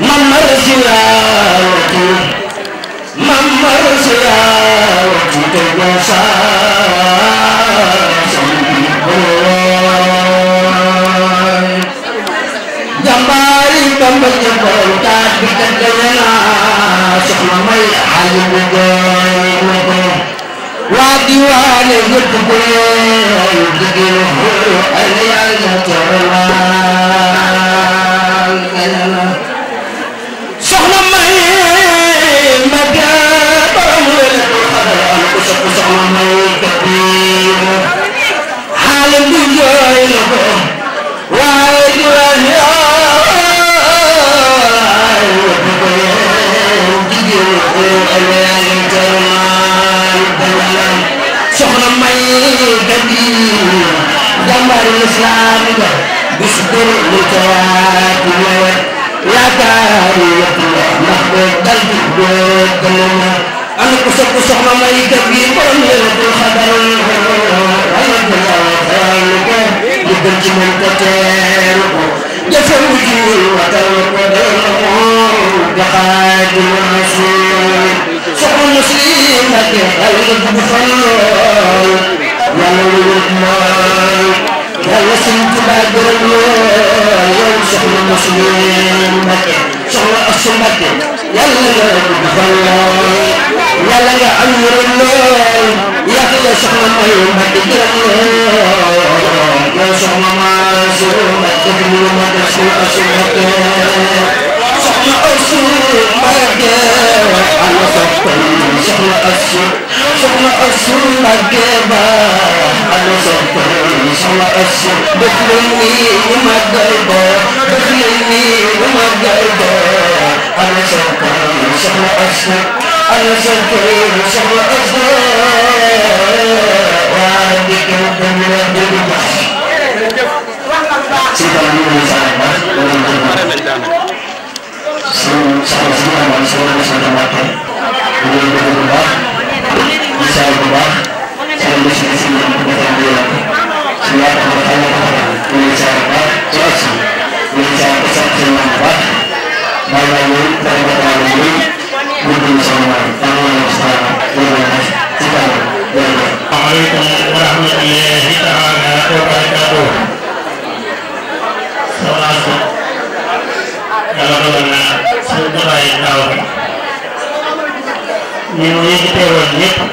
Mama Rasulatu Mama Rasulatu Dewasa Jambari bambal jambal Tak bikin kayana Sohna may halim wadah Wadi wali yudhubur Digiruhu aliyah Jawa Kayana Thank you. ci moom te teeru ko defal lu jiwul watal ko demoo doxaay bu ma suur soxna si Mbàkke xal bu fan lool yàlla wóorul mooy yàlla suñ Tuubaa gërëm lool yow soxna Muslim Mbàkke soxna Asu Mbàkke yàlla bu fan lool yàlla nga am yërëm leen yàq la soxna mooy mat di gërëm leen yow soxna maa suur mat def lu mat suur asu makke soxna asu makke ana soxtan soxna asu soxna asu makke ba ana soxtan soxna asu def leen nii ñu màggal ba def leen nii ñu màggal ba ana soxtan soxna asu I'm عَلَيْكُمْ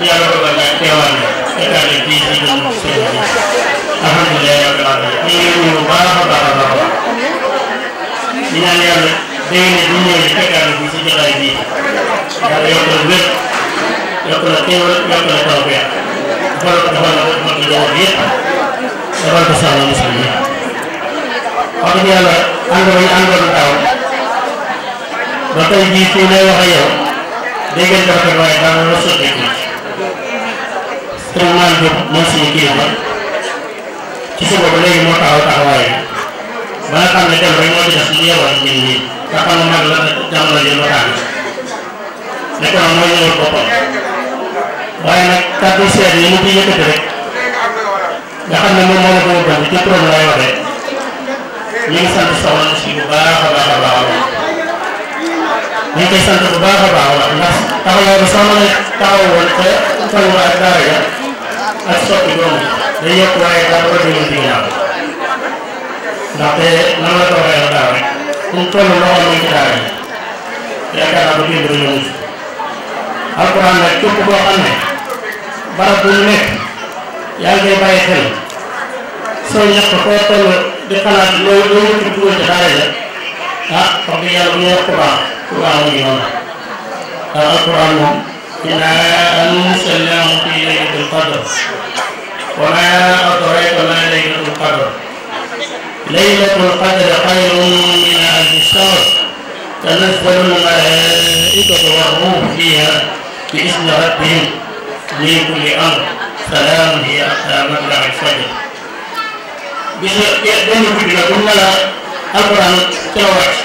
yàlla dogal na teewal na état bi fii ci ñun seen bi alhamdulilah rabbil alamin ñu ngi ñëw bu baax a baax a baax ñu ñaan yàlla dégg na bu ñëwee fekkaat bi ci jotaay bii yàlla yokk na wér yokk na teewal yokk na taw bi defal ko defal ko mag yi jamono yëpp defal ko sàmm musal yi wax dëgg yàlla àndoon yi àndoon taw ba tey jii fii may wax ak yow dégg nga waaye daanaka sotteeku sëñ Malick Diop mooy suñu kilifa ci suba ba léegi moo taxaw taxawaay ba nga xam ne dem rek moo ci def li yebal ñun ñi nga xam ne mag la jamono ji ma tànn nekkoon na mooy ñëwal boppam waaye nag kàddu seet yi mu ci yëkkati rek nga xam ne moom moo la ko bëgg ci turam lay waxee ñu ngi sant soxna si bu baax a baax a baax ñu ngi koy sant bu baax a baax ndax taxawaay bi soxna taxawoon te taxawaay daara ja ak soppi boobu day yokk waaye daa ko déglu ci ginnaaw ndaxte nan la ko waxee daaw rek mu toll loxo mu ci daara yaakaar naa ko démb dañoo mucc alxuraan nag képp koo xam ne barab bu ñu nekk yaa ngi koy bàyyi xel soo ñàkk koo toll di xalaat loo loo wut ci dugal ci daara ja ah wax dëgg yàlla bu ñu wax ku baax ku baax ngi noonu ndax alxuraan moom. إنا أنزلناه في ليلة Lailatul Qadr khairun min alfi shahr tanazzalu al-malaikatu wa ar-ruh fiha bi ismi rabbihim li kulli amr salam hi aqamat al-fajr bi yadani fi al-qulna al-quran tawaj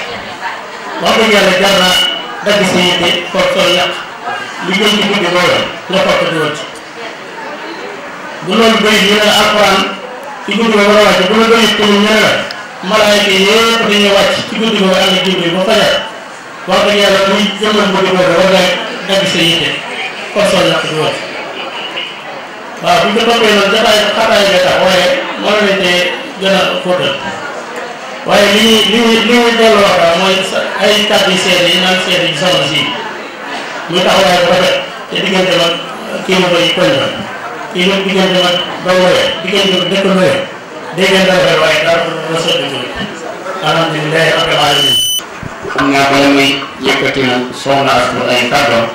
wa bi yalla jarra dabi sayyidi fa tawaj li yundi bi dawla la fa tawaj bu loolu bëri ñu ne di alquran ci guddi ba war a wàcc bu la bëri tamit ñu ne la malaayka yépp dañuy wàcc ci guddi ba ànd ak jibril ba fajar Bisa dëgg yàlla muy jëmmal guddi boobu war ngay dagg sa yitte kon sol ñàkk du ini waaw bu ñu ko toppee noonu jataay xataay bi tax waaye mën nañ cee gën a fóotal waaye li ñuy si te ma kii nag diggante nag doomu rek diggante nag dëkk nooyee diggante doomu waaye dara doo naa bala muy yëkkati nag soxna ak ay kàddoom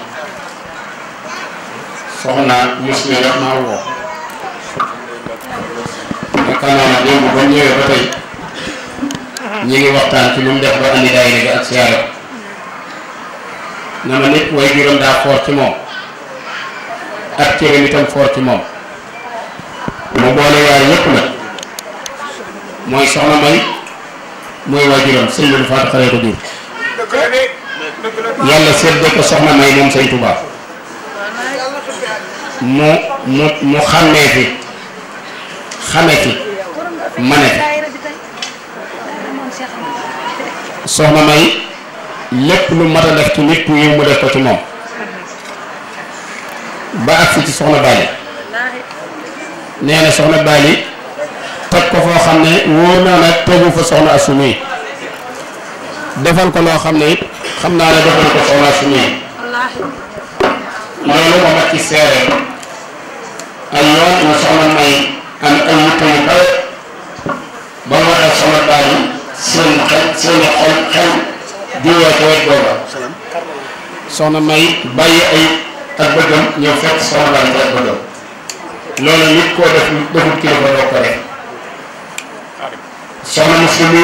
soxna mos mi daf maa woo. yaakaar naa démb ba ñëwee ba tey ñu ngi waxtaan ci lu mu def ba andi daayira bi ak siyaare na ma nit way juróom daa xool ci moom. ak cëram itam foor ci moom mu boole yaay yépp nag mooy soxna may mooy waajuram sëñ Modou Fatou xaree ko jur yàlla séddoo ko soxna may moom sëñ Tuubaa mu mu mu xàmmee fi xame fi mane fi soxna may lépp lu mat a def ci nit ku yiw mu def ko ci moom ba agsi ci soxna Baali nee na soxna Baali teg ko foo xam ne wóor naa nag tegu fa soxna Asumi defal ko loo xam ne it xam naa ne defal ko soxna Asumi loolu ma mat ci seere ay yoon soxna may am ay yitte yu kaw ba moo tax soxna Baali seen xel seen xel xel jiwee ko wet soxna may bàyyi ay ak bëggam ñëw fekk soxla lañ ko ak bëggam loolu nit koo def deful kilifa doo ko def soxna Muslim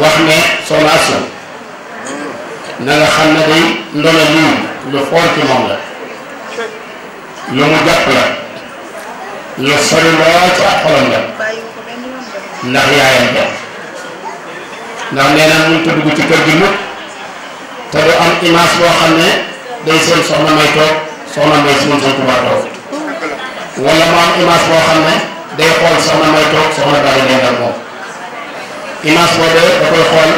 wax ne soxna Aslam na nga xam ne day ndono lii lu xool ci moom la lu mu jàpp la lu sori lool ci ak xolam la ndax yaayam ja ndax nee na mënut a ci kër gi mukk te du am image boo xam ne day seen soxna may toog soxna may seen sëñ Tuubaa toog wala mu am image boo xam ne day xool soxna may toog soxna bari dendal moom image boobu da koy xool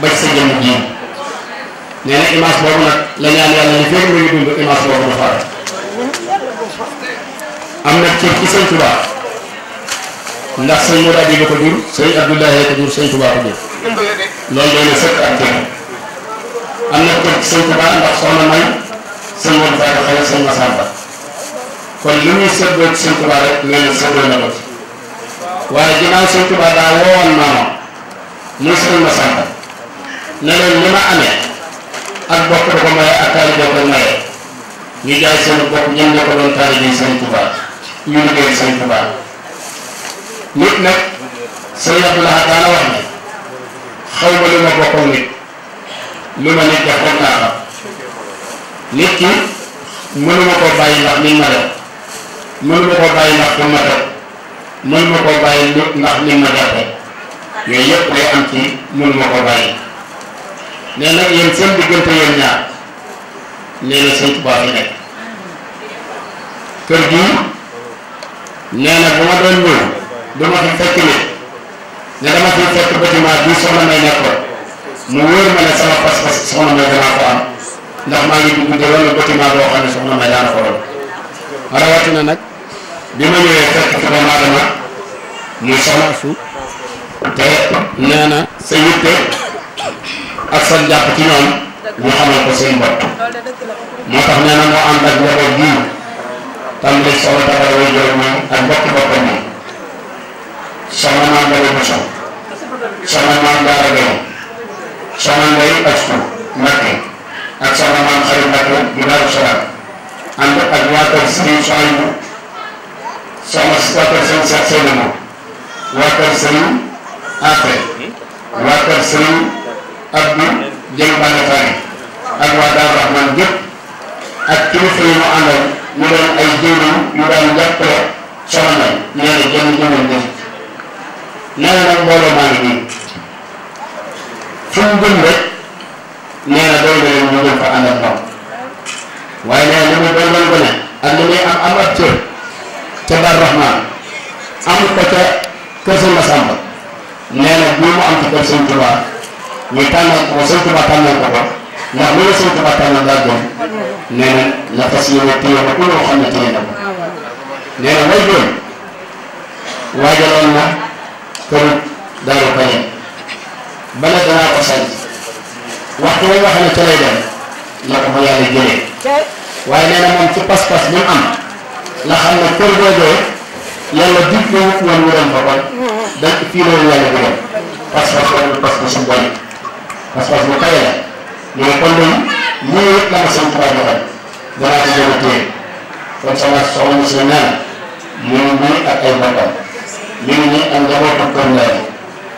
ba ci sa jëmm ji nee na image boobu nag la ñaan yàlla li fekk mu ngi dund image boobu dafa am nag cër ci sëñ Tuubaa ndax sëñ Muraadi bi ko jur sëñ Abdoulaye ko jur sëñ Tuubaa ko jur loolu doy na sëkk ak jëmm am na kër sëñ Tuubaa ndax soxna may sëñ Modou Faye xëy na sëñ Massamba kon li muy séddoo ci sëñ Tuubaa rek nee na séddoo na ko ci waaye ginnaaw sëñ Tuubaa leen li ma amee ak bokk da ko maye ak taalibe ko maye ñu jaay seen bopp ñoom ñoo ko doon taalibe sëñ Tuubaa ñu liggéey sëñ Tuubaa nit nag sëñ Abdoulaye daana wax ne xaw ma li ma bokkoon nit li ma nit def rek laa nit ki mënuma koo bàyyi ndax li ma def mënuma koo bàyyi ndax li ma def mënuma koo bàyyi am ci mënuma koo bàyyi nee nag yéen seen diggante yéen ñaar nee na sëñ Tuubaa fi nekk kër gii nee na bu ma doon ñëw dama fi fekk nit ne dama fi fekk bâtiment bi soxna may nekkoon mu wóor ma ne sama pas-pas soxna may danaa ko am ndax maa ngi dugg ba wala bâtiment boo xam ne soxna may daan ko su te nee sa yitte ak sa jàpp ci ñoom ñu xamal ko seen bopp moo tax nee moo ànd ak njaboot bii tam li soxla dara way jël ak mbokk boppam moom soxla naa nga ma soxla soxna Ndeye Astu Mbacke ak soxna maam Xarit Mbacke mu Daaru Salaam ànd ak waa kër Serigne Soxaybu soxna si waa kër Serigne Cheikh Seydou waa kër Serigne Afe waa kër Serigne Abdou Jëm Bane Fari ak waa Daaru Rahman yëpp ak kilifa yi mu àndal ñu doon ay jëwriñ ñu daan jàppale soxna Ndeye nee na jëm jëmale njëriñ nee na fu mu gën rek nee na doon nga ñu gën fa ànd na li muy doon doon gone ak li muy am am ab cër ca Daaru Rahmaan am ko ca kër Sëñ Masamba nee na bii am ci kër Sëñ Tuba ñu tànnal ko Sëñ Tuba tànnal ko ko ndax lu la Sëñ Tuba tànnal daa gën nee na la fas yéene téye ko loo xam ne téye na ko nee na way joon waajaloon na këru Daaru Kañe bala danaa ko sañ waxtu way nga xam lay dem la ko fa ci am la xam ne kër boobee yàlla dig na woon wu doon fa kon bu pas-pas pas-pas bu bon pas-pas bu kawe la mais kon ñun lii la ma sant ba joxal danaa ko gën a sama soxna si na ngi ak ay ngi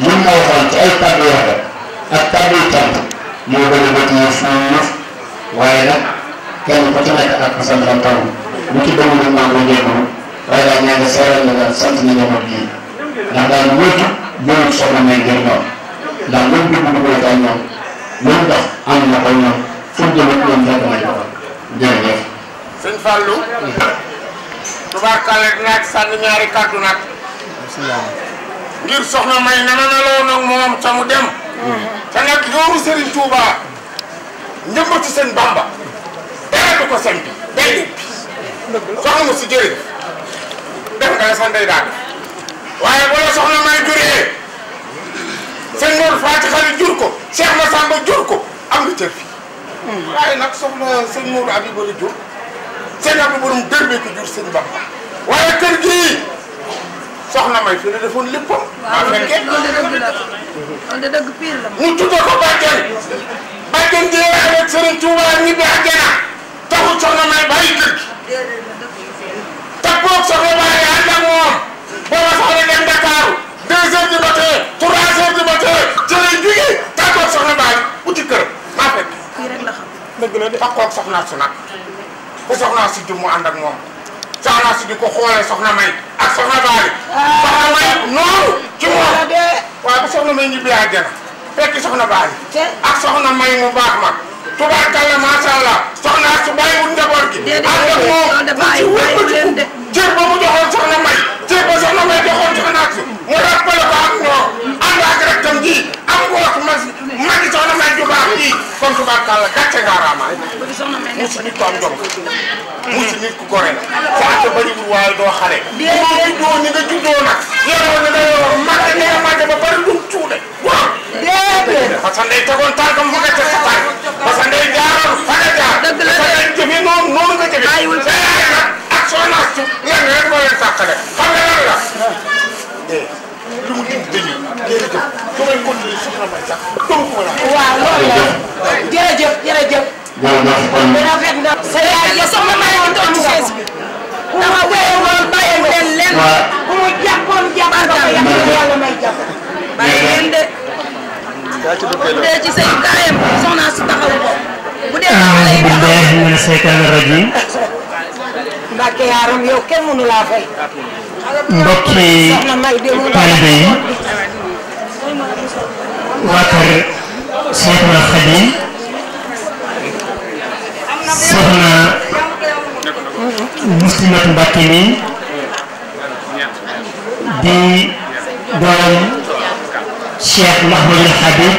mun ma waxoon ci ay kàddu wax rek ak kàddu yu tànn moo gën a bët ñoom fuuf waaye nag kenn ku ci nekk ak ko sant am taw bu ci dëgg nag maa ngi jégalu waaye daal ñaa ngi seeral na daal sant nañu njaboot gi ndax daal wóotu bëriwul soxna may ngir ñoom ndax lu mu dugg dugg la ak ñoom lu mu dox am na ko ñoom fu mu jëm ak ñoom fekk nañ ko jërëjëf. sëñ Fallou. tubaarkàlla dinaa ci sànni ñaari kàddu nag. ngir soxna may nana naloo nag moom te mu dem mm. te nag yoonu Serigne Touba njëmbatu seen Bamba dara du ko sampi day ubbi soxna mu si jëriñ sa seen Mor Faati Xali jur ko Cheikh Massamba jur ko am nga cër fi mm. waaye nag soxna seen Mor Abi bari jur seen Abi borom dër bi ko jur seen Bamba waaye kër gii soxna may fi la defoon lépp. waaw loolu de loolu de dëgg la loolu de dëgg pire la. ñu tuddee ko bàjjen bàjjen jëlee avec Serigne Touba ñibbi soxna may bàyyi kër gi. takkoog soxna bàyyi ànd ak moom booba soxna dem Dakar deux heures du matin trois heures du matin jëlee juge takkoog soxna bàyyi uti kër maa fekk. kii rek la xam. dëgg la soxna su nag ku soxna si jub mu ànd ak moom. Saala si di ko soxna May ak soxna Baali. Ah. soxna May noonu ci moom waaye bu soxna May ñibbi àjjana fekk soxna Baali. ak soxna May mu baax ma. tubaarkalla macha allah soxna su bàyyiwul njaboot gi. ànd ak moom ci ba mu joxoon soxna May. cër ba soxna May joxoon soxna su mu rappelé ko ak ñoom ak rek tam ji am ko wax ma maa ngi soxna Mbaye ju baax nii kon tubaarkàlla gàcce ngaaraama mu si nit ku am jom mu si nit ku gore la sa at bëriwul waaye doo xale moo juddoo ni nga juddoo nag yoroon na nga yoroon màgg ne nga màgg ba bari lu tuude waaw déedéet parce que ndey tegoon tànkam mu nga ca sa tànk parce que ndey jaaroon fa nga jaar dëgg la parce que ndey jëfee noonu noonu nga jëfee bàyyiwul sa yaay nag ak soo naas tu lan rek moo leen sàqale xam nga lan la ah. eh, lu mu dim dañu jërëjëf su may continuer soxna may sax loolu la jërëjëf jërëjëf. jërëjëf kon. rafet na. Sénégal yi soxna Mbaye ñu toog ci chaise bi. dama wéy woon bàyyi leen leen. waaw ku mu jàppoon jàpp nga ko yàlla may jàpp. bàyyi leen de. bu dee ci sëñ kaayam soxna si taxawu ko. bu dee ci xale yi seytaane rajiim. Mbacke yaaram yow kenn mënu laa fay. mbokki taalibe yi waa kër Cheikhul Khadim soxna Muslimat Mbàkke mi di doom Cheikh Mahmadul Habib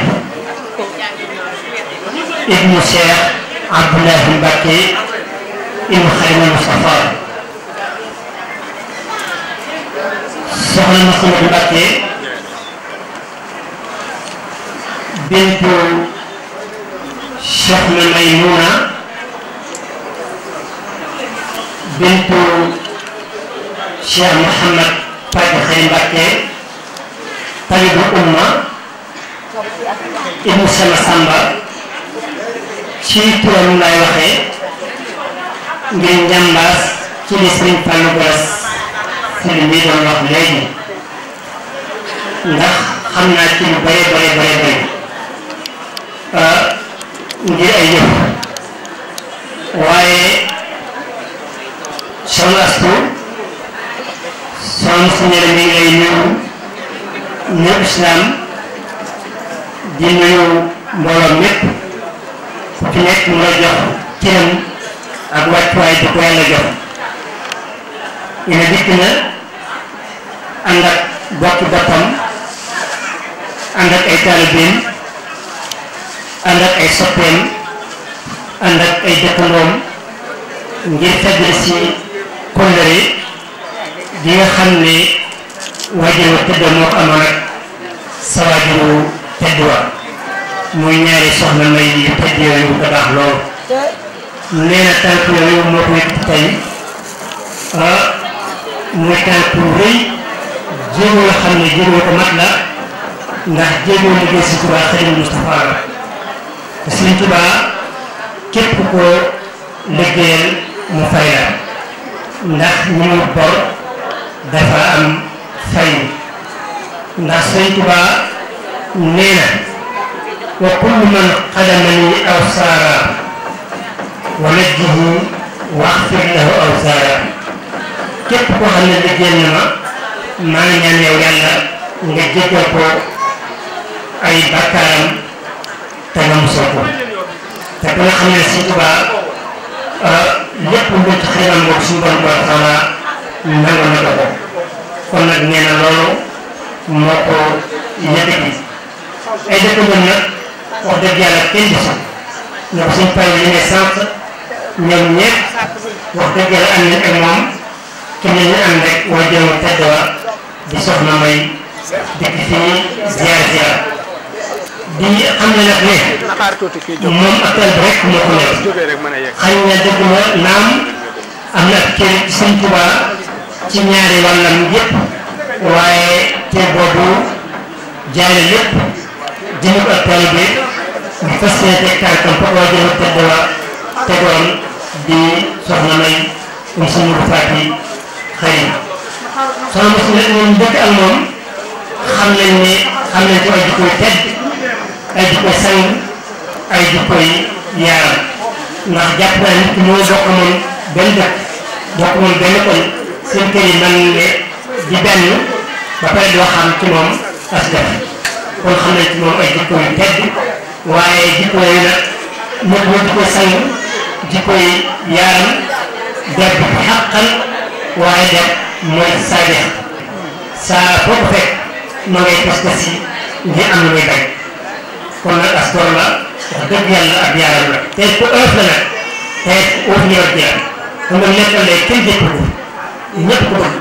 ibnu Cheikh Abdoulahi Mbàkke ibnu Xayril Mustafa soxna Muslimat bintu Soxna Maymuna bintu Cheikh Mouhamad Pati Xëy Mbakke talibu umma ibnu sama Samba ci turam lay waxee ngir njàmbaas ci li Sëriñ Fàllu ndax xam naa ci lu bare bare ngir ay yëf waaye soxna Astu soxna si ne mi lay nuyu nuyu islam di nuyu mbooloo mépp ku ci nekk nga jox cëram ak wàccuwaay di ko yàlla jox ina dikk na ànd ak bokki boppam ànd ay taalibeem ànd ak ay soppeem ànd ak ay dëkkandoom ngir fàttali si kóllëre gi nga xam ne waajur wu tëdd moo ko amoon ak sa waajur wu tëdd wa muy ñaari soxna may yu tëdd yooyu baax lool nee na tànk yooyu moo ko yëkkati tey muy tànk rëy jéego yoo xam ne jéego ko mat la ndax jéego liggéey si Tuubaa Xaadimu Mustafaa te Sëriñ Tuubaa képp koo liggéeyal mu fay ndax ñu mu bor dafa am fay ndax Sëriñ Tuubaa nee wa kullu man xadamani aw saara wa najjihu waxfir lahu aw saara képp koo xam ne ma maa ngi ñaan nga jéggal ko ay bakkaaram te nangu soo ko te ku nga xam ne Sëñ Tuubaa ah, lépp lu ci xëy na moom suñu borom ba xanaa nangu na ko kon nag nee na loolu moo ko yëkkati ay dëkkandoom nag wax dëgg yàlla kenn di sax ndax suñ paree li ngay sant ñoom ñëpp wax dëgg yàlla am nañ ak moom te ñu ñu am rek waa jëm tedd wa di soxna may dëkk fii ziar ziar. di xam ne nag ne moom ak tànk rek moo ko nekk xëy na dëgg naam am na cër Sëñ Tuba ci ñaari wàllam yëpp waaye te boobu jaare yëpp jëmu ak taalibe bi fas yéene teg tànkam fa waa jëmu tedd wa tegoon di soxna may um suñu faat yi xëy na soxna mosu nag moom dëkk ak moom xam nañ ne xam nañ ko ay jikko tedd ay jikko sañ ay jikko yaaram ndax jàpp naa nit ki ñoo bokk benn dëkk bokk moom benn koñ seen kër yi mel ne di benn ba pare doo xam as def kon xam nañ ci ay jikko yu tedd waaye jikko yi waaye def mooy saa saa foo fekk ma ngay pas pas yi am lu bay kon nag as tool la wax dëgg yàlla ak yaaram la te it ku ëpp la nag te it wax ñu yor jeex kon nag nekkal lay kenn jëpp ko ñëpp ko bëgg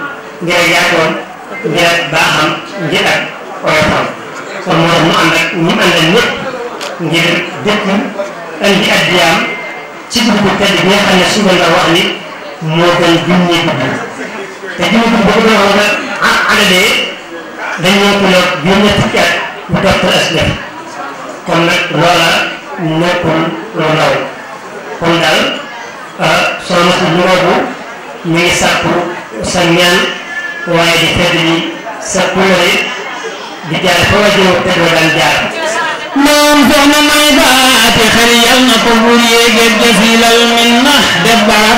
ngir ak yaatoon ngir ak baaxam ngir ak oyofam kon moo tax mu ànd ak ñu ànd ak ñëpp ngir dëkk indi addiyaam ci dugub tedd bi nga xam ne suba la wax ni moo gën junni dugub te junni dugub boobu doon wax nag ah adalee dañoo ko yor juróom-ñetti at bu topp as kon nag loola nekkoon lu ndaw kon daal ah, soxna si ñu boobu ñu ngi sàkku sa ñaan waaye di fedd ni sa kulëre di jaar fa wajoo te doo daan jaar moom soxna may baati xel yal na ko buur yéege jafilal min na def bara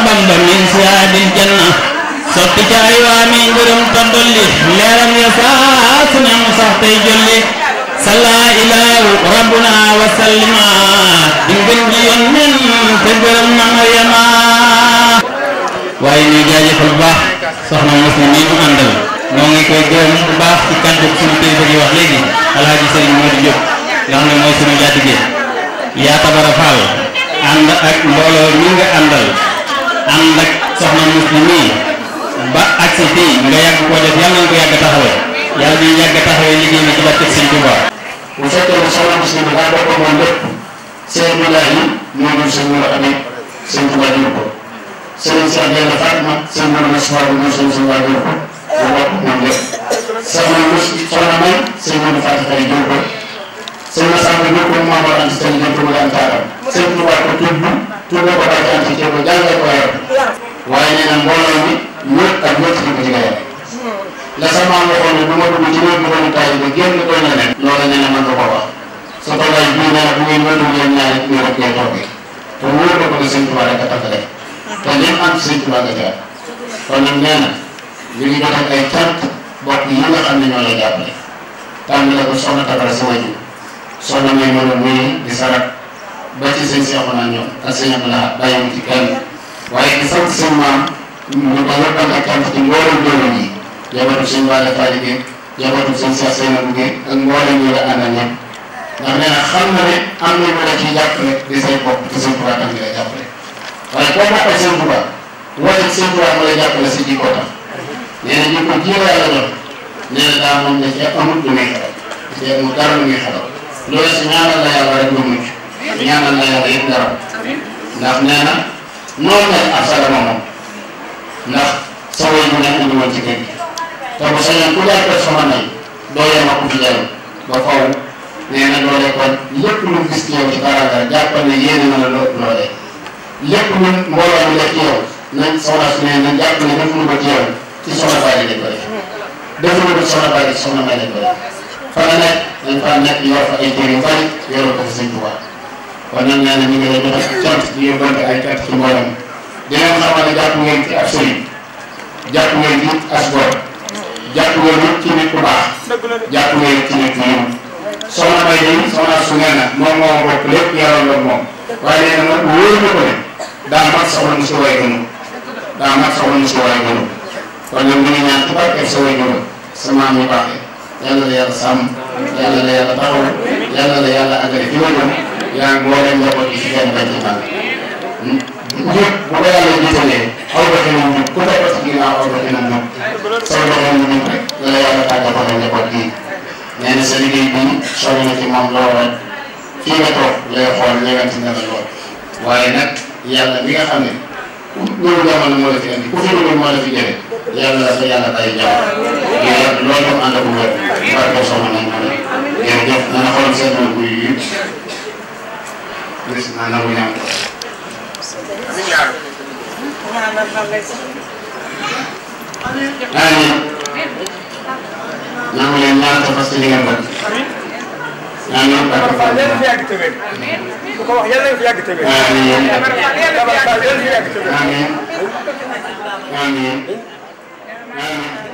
صلى إله ربنا وسلم بنت يمن ak mbooloo yang ñuy yàgg taxawee liggéey bi ci barke sëñ Touba bu fekkee ne soxna gis ne daa bokk moom lépp seen bilaay yi ñoo doon sëñ Mor Ami sëñ Touba ñu ko sëñ Cheikh Diallo Fatma sëñ Mor Moussa bi ñoo sëñ Touba ñu ko bu bokk moom lépp soxna Moussa soxna May la sama waxoon ne bu ma dugg ci wér bu doon taay ba génn doy na leen. loola nee na mën nga ko wax sa toogaay bii nee na bu ngeen wér ngeen ñaari ñu rek ngay toog te wóor na ko ne sëñ Tuubaa rek a tax rek te lim am sëñ Tuubaa nga jaar kon nag nee na ñu ngi joxe ay cant bokk yi nga xam ne ñoo lay jàppale tàmbale ko soxna Tabara sa wajur soxna may mën a wéy di sarat ba ci sëñ Seexuna ñoom ak sëñ Abdoulaye bàyyi ci kenn waaye di sant seen maam ñu ko yokkal ak cant ci mboolem doomam yi njabootu sëñ Balla Fally Guèye njabootu sëñ Cheikh Seynabou Guèye ak mboolem ñu la àndal ñëpp ndax nee na xam na ne am na ñu la ciy jàppale di say bopp te sëñ Tuubaa tam di la jàppale waaye boo bokkee sëñ Tuubaa wala sëñ Tuubaa mu lay jàppale si jikko tax nee na jikko ji la yàlla jox nee na daa moom da cee amul lu muy xelal da cee amul dara lu muy xelal loolu si ñaanal la yàlla rek nga mucc ñaanal la yàlla yëpp dara ndax nee na noonu lañ ab sagama moom ndax sa way bu nekk indi woon ci kër gi te bu sañoon ku jàppee soxna yi doo yem ak ku fi jarul ba faww nee na doole kon lépp mu gis ci yow ci teraanga jàppal ne yéene na la loo doole ci su ne nañ jàpp ne defuñu ko ci dañ faa nekk yor fa ay kër yu jàpp ngeen ci ab sëriñ jàpp nga nit ci nit ku baax jàpp nga ci nit moom soxna May yi soxna su nee na moom moo bokk lépp yoroon la moom waaye ne daa mat soxla mu daa mat soxla mu si waay gënu kon ñoom ñu ngi ñaan ci barke sa waay gënu sa maam yu baaxee yaa ngi mbooleem njaboot yi si kenn bañ ci njub bu ko yàlla jiitalee aw doxinam njub ku topp ci ginnaaw aw doxinam njub soo doxinam njub rek la yàlla tàggatoo njaboot gi nee na sa liggéey bi sori na ci moom lool rek fii nga toog lay xool ñewanti na la lool waaye nag yàlla mi nga xam ne loolu jamono moo la fi andi ku fi dugg moo la fi jëlee yàlla sa yàlla tay jàmm yàlla loolu moom ànd ak wér barke soxna nañ ko jërëjëf dana xool seen bu yi président na bu ñaan زيارة آمين نعم لله تفصيل جنبك آمين آمين آمين آمين آمين